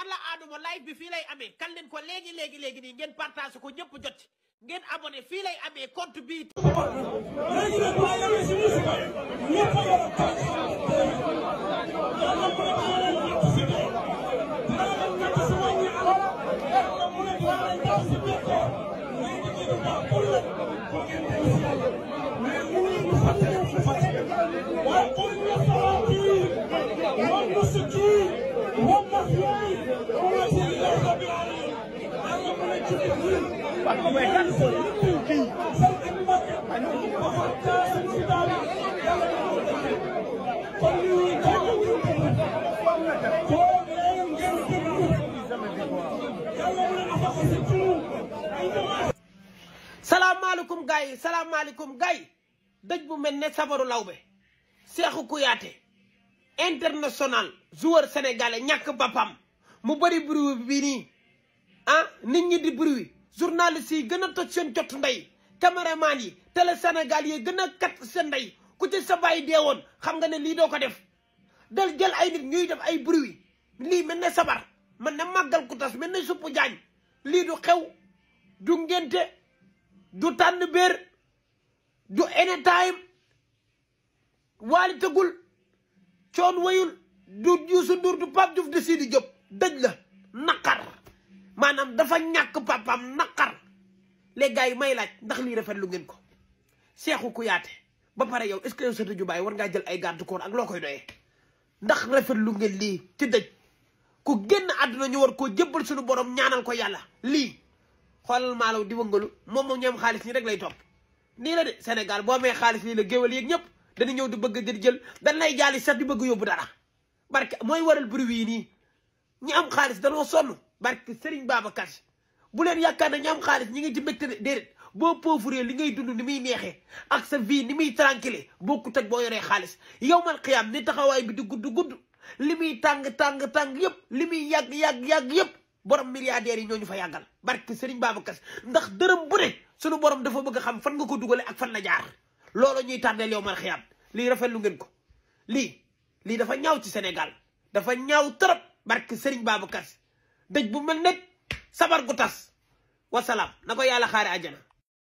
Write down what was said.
alla aaduma live bi fii lay amee kan leen ko léegi léegi léegi nii ngeen partage ko ñëpp jot ngeen abonné fii lay amee compte bi salaamaaleykum gars yi salaamaaleykum gars yi dëj bu mel ne sabaru lawbe Cheikhou Kouyaté international joueur sénégalais ñàkk boppam mu bëri bruit bi nii ah nit ñi di bruit journaliste yi gën a toj seen jot ndey caméraman yi télé Sénégal yi gën a kat seen ndey ku ci sa bàyyi dee woon xam nga ne lii doo ko def dal jël ay nit ñuy def ay bruit lii mel ne sabar man ne màggal ku tas mel ne jaañ lii du xew du ngénte du tànn béer du anytime waali tëggul coon wayul du Youssou Ndour du Pape di de Sidi Diop dëj la naqar maanaam dafa ñàkk papaam naqar les gars yi may laaj ndax lii rafet lu ngeen ko ko Kouyaté ba pare yow est-ce que yow Sata Diouf war ngaa jël ay garde corps ak loo koy doyee ndax rafet lu ngeen lii ci dëj ku génn àdduna ñu war koo jébbal sunu borom ñaanal ko yàlla lii xoolal maa maalaw di wëngalu moom moom ñoom xaalis nii rek lay topp nii la de Sénégal boo amee xaalis lii la géwal yeeg ñëpp dañu ñëw di bëgg di jël dañ lay jaali sax di bëgg yóbbu dara barke mooy waral bruit yi nii ñi am xaalis danoo sonn barke Serigne Babacar bu leen yaakaar ne ñi am xaalis ñi ngi ci mbégte déedéet boo pauvre li ngay dund ni muy neexee ak sa vie ni muy tranquille bokkut ak boo yoree xaalis yow man xiyaam ni taxawaay bi di gudd gudd li muy tàng tàng tàng yëpp li muy yàgg yàgg yàgg yëpp borom milliardaires yi ñooñu fa yàggal barke Serigne Babacar ndax dërëm bu ne sunu borom dafa bëgg a xam fan nga ko dugale ak fan la jaar loolu ñuy tànneel yow man xiyaam lii rafetlu ngeen ko lii lii dafa ñaaw ci Sénégal dafa ñaaw trop barke Serigne Babacar dëj bu mel nekk sabar gu tas wasalaam na ko yàlla xaare àjjana